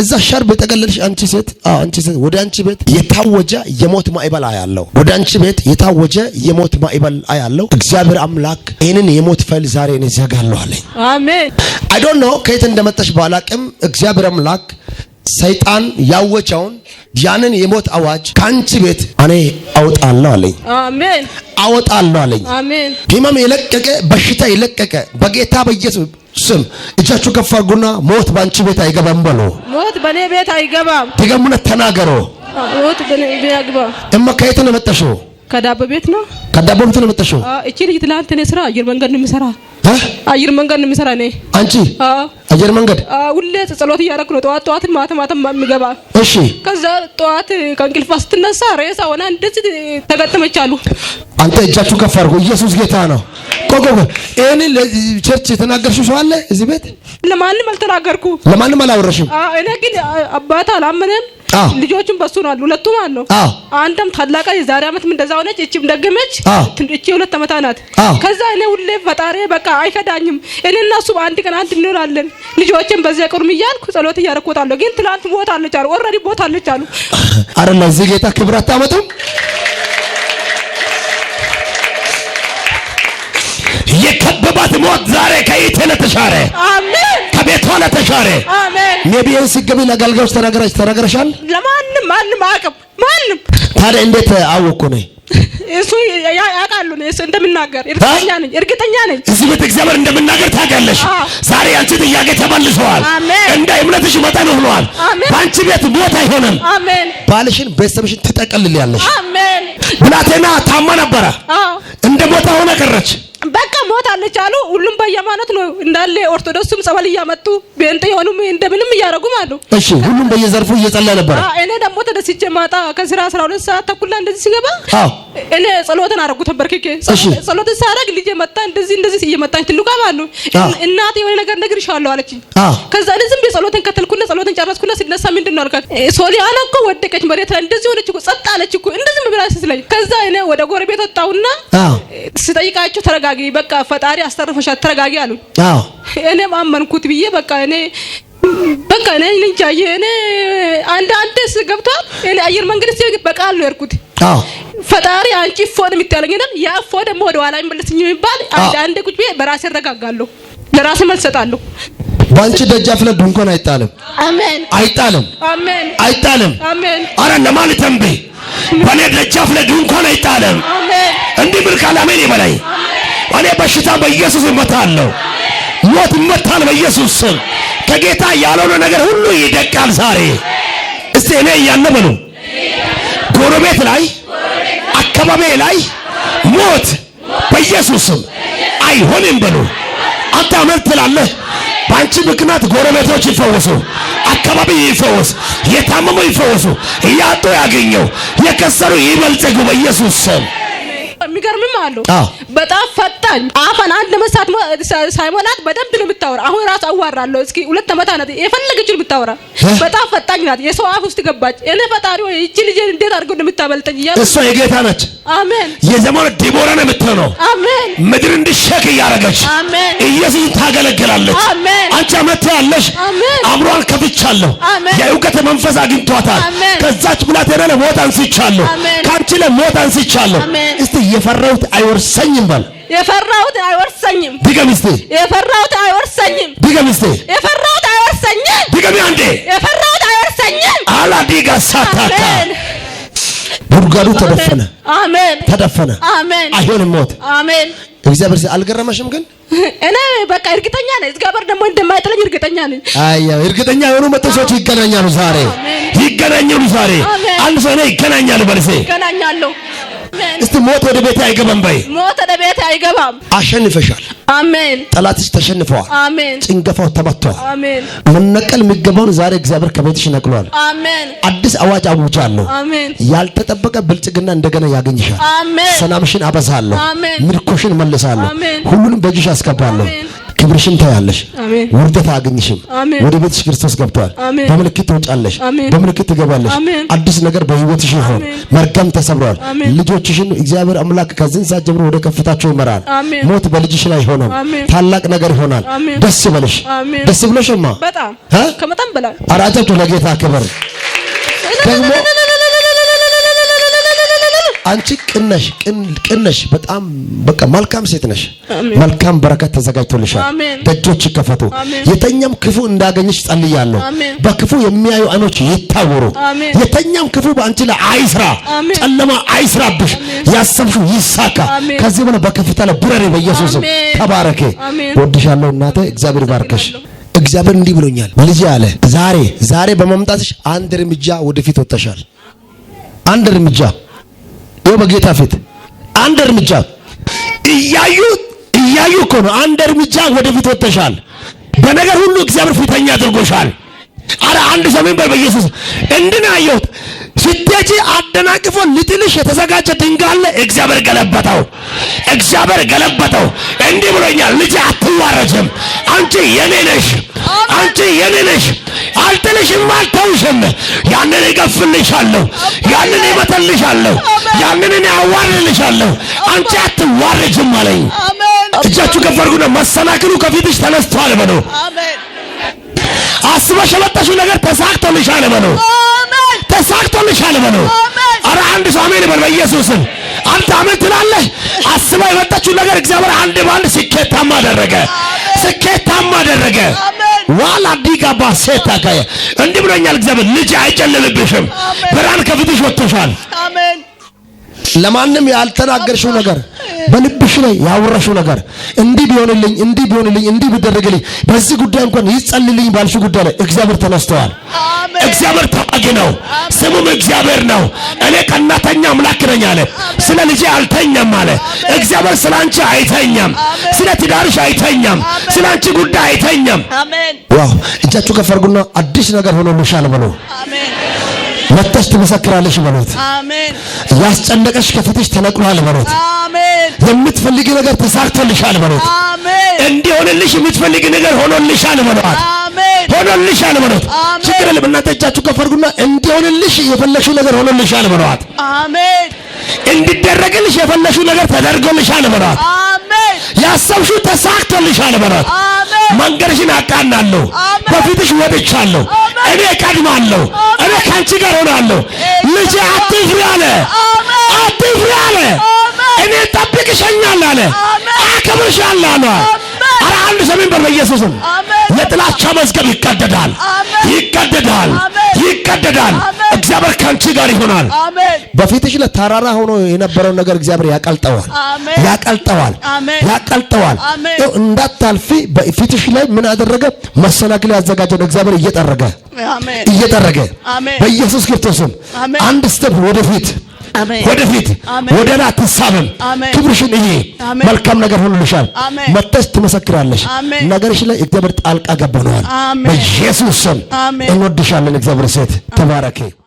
እዛ ሻርብ የጠቀለልሽ አንቺ ሴት አዎ አንቺ ሴት ወደ አንቺ ቤት የታወጀ የሞት ማዕበል አያለው። ወደ አንቺ ቤት የታወጀ የሞት ማዕበል አያለው። እግዚአብሔር አምላክ ይህንን የሞት ፈል ዛሬ እኔ ዘጋለሁ አለኝ። አሜን። አይ ዶንት ኖ ከየት እንደመጣሽ ባላቅም እግዚአብሔር አምላክ ሰይጣን ያወቸውን ያንን የሞት አዋጅ ከአንቺ ቤት እኔ አወጣለሁ አለኝ። አሜን፣ አወጣለሁ አለኝ። አሜን። ህመም የለቀቀ በሽታ የለቀቀ በጌታ በኢየሱስ ስም እጃችሁ ከፍ አድርጉና ሞት በአንቺ ቤት አይገባም በሉ። ሞት በእኔ ቤት አይገባም። ትገሙነት ተናገሮ ሞት በእኔ ቤት አይገባም። እማ ከየት ነው የመጣሽው? ከዳቦ ቤት ነው። ከዳቦ ቤት ነው የመጣሽው? እቺ ልጅ ትላንት እኔ ስራ አየር መንገድ ነው የሚሰራ አየር መንገድ ነው የምሰራ እኔ አንቺ አየር መንገድ ሁሌ ጸሎት እያደረኩ ነው፣ ጠዋት ጠዋት ማታ ማታ የሚገባ። እሺ። ከዛ ጠዋት ከእንቅልፋ ስትነሳ ሬሳ ሆና እንደዚህ ተገጥመች አሉ። አንተ እጃችሁ ከፍ አድርጎ ኢየሱስ ጌታ ነው። ቆቆቆ እኔ ቸርች የተናገርሽው ሰው አለ እዚህ ቤት? ለማንም አልተናገርኩ፣ ለማንም አላወረሽም። እኔ ግን አባት አላመነም ልጆቹም በሱ ነው አሉ ማለት ነው። አንተም ታላቃ የዛሬ አመት እንደዛ ሆነች፣ እቺም ደግመች። እቺ ሁለት አመት ናት። ከዛ እኔ ሁሌ ፈጣሪ በቃ አይከዳኝም። እኔ እና እሱ በአንድ ቀን አንድ እንሆናለን። ልጆችን በዚያ ቁርም እያልኩ ጸሎት እያረኩታለሁ። ግን ትላንት ሞታለች አሉ። ኦልሬዲ ሞታለች አሉ። አረ ለዚህ ጌታ ክብር አታመጡም? የከበባት ሞት ዛሬ ከኢቴ ለተሻረ አሜን፣ ከቤቷ ለተሻረ አሜን ነቢይን ስገቢ ለአገልጋዮች ተናገራች ተናገረሻል። ለማንም ማንም አቅም ማንም ታዲያ እንዴት አወቅኩ ነው እሱ ያውቃሉ እንደምናገር እርግጠኛ ነኝ እርግጠኛ ነኝ። እዚህ ቤት እግዚአብሔር እንደምናገር ታውቂያለሽ። ዛሬ አንቺ ጥያቄ ተመልሰዋል። እንደ እምነትሽ መጠን ሆኗል። በአንቺ ቤት ሞት አይሆንም። ባልሽን ቤተሰብሽን ትጠቀልል ያለሽ ብላቴና ታማ ነበረ እንደ ሞታ ሆነ ቀረች። በቃ ሞታለች አሉ። ሁሉም በየማነት ነው እንዳለ ኦርቶዶክስም ጸበል እያመጡ ቤንጥ የሆኑም እንደምንም እያደረጉም አሉ። እሺ ሁሉም በየዘርፉ እየጸላ ነበር። እኔ ደግሞ ተደስቼ ማጣ ከስራ 12 ሰዓት ተኩላ እንደዚህ ሲገባ እኔ ጸሎትን አረጉ ተበርክኬ። ጸሎትን ሳረግ ልጄ መጣ እንደዚህ እንደዚህ እየመጣች ትልቋም አሉ። እናት የሆነ ነገር እነግርሻለሁ አለችኝ። ከዛ እኔ ዝም ብዬ ጸሎትን ከተልኩና ጸሎትን ጨረስኩና ሲነሳ ምንድን ነው አልኳት። ሶሊያና እኮ ወደቀች መሬት ላይ እንደዚህ ሆነች እኮ ጸጥ አለች እኮ እንደዚህ ብላ ስትለኝ ከዛ እኔ ወደ ጎረቤት ወጣሁና ስጠይቃቸው ተረጋጊ፣ በቃ ፈጣሪ አስተርፈሻት ተረጋጊ አሉኝ። አዎ እኔም አመንኩት ብዬ በቃ እኔ በቃ እኔ እንጃ እኔ አንዳንዴ ገብቷል። እኔ አየር መንገድ ሲል በቃል ነው የሄድኩት። አዎ ፈጣሪ አንቺ እፎ ነው ያ እፎ ደግሞ ወደ ኋላ የሚመለስኝ የሚባል አንዳንዴ ቁጭ ብዬ በራሴ እረጋጋለሁ፣ ለራሴ መልስ እሰጣለሁ። በአንቺ ደጃፍ ላይ ድንኳን አይጣልም። አሜን። አይጣልም። አሜን። አይጣልም። አሜን። አረ ለማን ተንበይ በኔ ደጃፍ ላይ ድንኳን አይጣልም። እንዲህ ብል ካለ አሜን ይበላይ። እኔ በሽታ በኢየሱስ እመታለሁ። ሞት ይመታል በኢየሱስ ስም። ከጌታ ያልሆነ ነገር ሁሉ ይደቃል ዛሬ። እስቲ እኔ እያለ በሉ ጎረቤት ላይ አካባቢ ላይ ሞት በኢየሱስ ስም አይሆንም በሉ። አንተ አመልጥ ትላለህ። በአንቺ ምክንያት ጎረቤቶች ይፈወሱ፣ አካባቢ ይፈወስ፣ የታመሙ ይፈወሱ፣ እያጡ ያገኘው፣ የከሰሩ ይበልጽጉ በኢየሱስ ስም። የሚገርምም አለው በጣም ፈጣን አፈን አንድ ለመሳት ሳይሞላት በደንብ ነው የምታወራ። አሁን ራሱ አዋራለሁ። እስኪ ሁለት ዓመት ናት የፈለገችው የምታወራ በጣም ፈጣኝ ናት። የሰው አፍ ውስጥ ገባች። እኔ ፈጣሪ ሆይ እቺ ልጅ እንዴት አድርገው እንደምታበልጠኝ እያለ እሷ የጌታ ነች። አሜን። የዘመኑ ዲቦራ ነው የምትሆነው። ምድር እንድሸክ እያደረገች ኢየሱስ ታገለግላለች። አንቺ አመት ያለሽ አእምሯን ከፍቻለሁ። የእውቀት መንፈስ አግኝቷታል። ከዛች ብላቴና ለሞት አንስቻለሁ። ከአንቺ ለሞት አንስቻለሁ። እስቲ የፈራሁት አይወርሰኝም በል የፈራሁት አይወርሰኝም። ድገም እስቲ። የፈራሁት አይወርሰኝም። ድገም እስቲ። የፈራሁት አይወርሰኝም። ድገም አንዴ። የፈራሁት አይወርሰኝም። አላዲጋ ሳታታ ጉድጓዱ ተደፈነ፣ አሜን። ተደፈነ። አሜን። አይሆንም ሞት። አሜን። እግዚአብሔር አልገረመሽም? ግን እኔ በቃ እርግጠኛ ነኝ፣ እግዚአብሔር ደግሞ እንደማይጥለኝ እርግጠኛ ነኝ። አያ እርግጠኛ የሆኑ መተሶች ይገናኛሉ፣ ዛሬ ይገናኛሉ፣ ዛሬ አንድ ሰው ነው ይገናኛሉ፣ በልሴ ይገናኛሉ። እስቲ ሞት ወደ ቤቴ አይገባም በይ፣ ሞት ወደ ቤቴ አይገባም። አሸንፈሻል አሜን። ጠላትሽ ተሸንፈዋል። አሜን። ጭንገፋው ተመቷል። አሜን። መነቀል የሚገባውን ዛሬ እግዚአብሔር ከቤትሽ ነቅሏል። አሜን። አዲስ አዋጅ አውጃለሁ። አሜን። ያልተጠበቀ ብልጽግና እንደገና ያገኝሻል። አሜን። ሰላምሽን አበዛለሁ። አሜን። ምርኮሽን መልሳለሁ። ሁሉንም በእጅሽ አስገባለሁ። ክብርሽን ታያለሽ። ውርደት አያገኝሽም። ወደ ቤትሽ ክርስቶስ ገብቷል። አሜን። በምልክት ትወጫለሽ፣ በምልክት ትገባለሽ። አዲስ ነገር በህይወትሽ ይሆን። መርገም ተሰብሯል። ልጆችሽን እግዚአብሔር አምላክ ከዚህ ሰዓት ጀምሮ ወደ ከፍታቸው ይመራል። አሜን። ሞት በልጅሽ ላይ አይሆንም። ታላቅ ነገር ይሆናል። ደስ ይበልሽ። አሜን። ደስ ብሎሽማ በጣም ከመጣም በላይ አራጀብቶ ለጌታ ክብር ደግሞ አንቺ ቅነሽ ቅነሽ በጣም በቃ መልካም ሴት ነሽ። መልካም በረከት ተዘጋጅቶልሻል። ደጆች ይከፈቱ። የተኛም ክፉ እንዳገኘሽ ጸልያለሁ። በክፉ የሚያዩ አይኖች ይታወሩ። የተኛም ክፉ በአንቺ ላይ አይስራ፣ ጨለማ አይስራብሽ። ያሰብሽው ይሳካ። ከዚህ በኋላ በከፍታ ላይ ብረሪ። በኢየሱስ ተባረከ። ወድሻለሁ እናቴ። እግዚአብሔር ባርከሽ። እግዚአብሔር እንዲህ ብሎኛል። ልጅ አለ ዛሬ ዛሬ በመምጣትሽ አንድ እርምጃ ወደፊት ወጥተሻል። አንድ እርምጃ ይኸው በጌታ ፊት አንድ እርምጃ እያዩ እያዩ እኮ ነው። አንድ እርምጃ ወደፊት ወጥተሻል። በነገር ሁሉ እግዚአብሔር ፊተኛ አድርጎሻል። አረ አንድ ሰሜን በል በኢየሱስ እንድን አየሁት። ስትሄጂ አደናቅፎ ልጥልሽ የተዘጋጀ ድንጋይ አለ። እግዚአብሔር ገለበጠው፣ እግዚአብሔር ገለበጠው። እንዲህ ብሎኛል፣ ልጅ አትዋረጅም፣ አንቺ የኔ ነሽ። አንቺ የኔ ነሽ፣ አልጥልሽም፣ አልተውሽም። ያንን ይገፍልሻለሁ፣ ያንን ይመተልሻለሁ፣ ያንን እኔ አዋርልሻለሁ። አንቺ አትዋረጅም አለኝ። እጃችሁ ከፍ አድርጉና መሰናክሉ ከፊትሽ ተነስቷል በለው። አስበሽ የመጣሽው ነገር ተሳክቶልሻል በለው። ተሳክቶልሻል በለው። አረ አንድ ሰው አሜን በል። በኢየሱስም አንተ አሜን ትላለህ። አስባ የመጣችው ነገር እግዚአብሔር አንድ በአንድ ስኬታማ አደረገ፣ ስኬታማ አደረገ። ዋላ ዲጋ ሴት አካየ እንዲህ ብሎኛል እግዚአብሔር። ልጅ አይጨልምብሽም፣ ብርሃን ከፊትሽ ወጥቷል። ለማንም ያልተናገርሽው ነገር በልብሽ ላይ ያወራሽው ነገር እንዲህ ቢሆንልኝ፣ እንዲህ ቢሆንልኝ፣ እንዲህ ቢደረግልኝ፣ በዚህ ጉዳይ እንኳን ይጸልልኝ ባልሽ ጉዳይ ላይ እግዚአብሔር ተነስተዋል። አሜን። እግዚአብሔር ተዋጊ ነው፣ ስሙም እግዚአብሔር ነው። እኔ ቀናተኛ አምላክ ነኝ አለ። ስለ ልጄ አልተኛም አለ። እግዚአብሔር ስለ አንቺ አይተኛም፣ ስለ ትዳርሽ አይተኛም፣ ስለ አንቺ ጉዳይ አይተኛም። ዋው! እጃችሁ ከፍ አድርጉና አዲስ ነገር ሆኖ ሆኖልሻል በሉ። መጥተሽ ትመሰክራለሽ በሉት። ያስጨነቀሽ ከፊትሽ ተነቅሏል በሉት። የምትፈልጊ ነገር ተሳክቶልሻል በሉት። እንዲሆንልሽ የምትፈልጊ ነገር ሆኖልሻል በሉት። ሆኖልሻል በሏት። ችግር የለም እናንተ እጃችሁ ከፍ አድርጉና እንዲሆንልሽ የፈለግሽው ነገር ሆኖልሻል በሏት። አሜን። እንዲደረግልሽ የፈለግሽው ነገር ተደርጎልሻል በሏት። አሜን። ያሰብሽው ተሳክቶልሻል በሏት። መንገድሽን አቃናለሁ። በፊትሽ ወጥቻለሁ። እኔ እቀድማለሁ። እኔ ከአንቺ ጋር ሆናለሁ። ልጅ አትፍሪ አለ። አትፍሪ አለ። እኔ ጠብቅሽኛል አለ። አከብርሻል አለ። ኧረ አንድ ሰሜን በል በኢየሱስም የጥላቻ መዝገብ ይቀደዳል፣ ይቀደዳል፣ ይቀደዳል። እግዚአብሔር ከአንቺ ጋር ይሆናል። በፊትሽ ለተራራ ሆኖ የነበረውን ነገር እግዚአብሔር ያቀልጠዋል፣ ያቀልጠዋል፣ ያቀልጠዋል። እንዳታልፊ በፊትሽ ላይ ምን አደረገ? መሰናክል ያዘጋጀን እግዚአብሔር እየጠረገ እየጠረገ በኢየሱስ ክርስቶስም አንድ ስተፕ ወደፊት ወደፊት ወደ ላ ክብርሽን እይ። መልካም ነገር ሆኖልሻል። መተሽ ትመሰክራለሽ። ነገርሽ ላይ እግዚአብሔር ጣልቃ ገባ ነዋል። በኢየሱስ ስም እንወድሻለን። እግዚአብሔር ሴት ተባረኬ።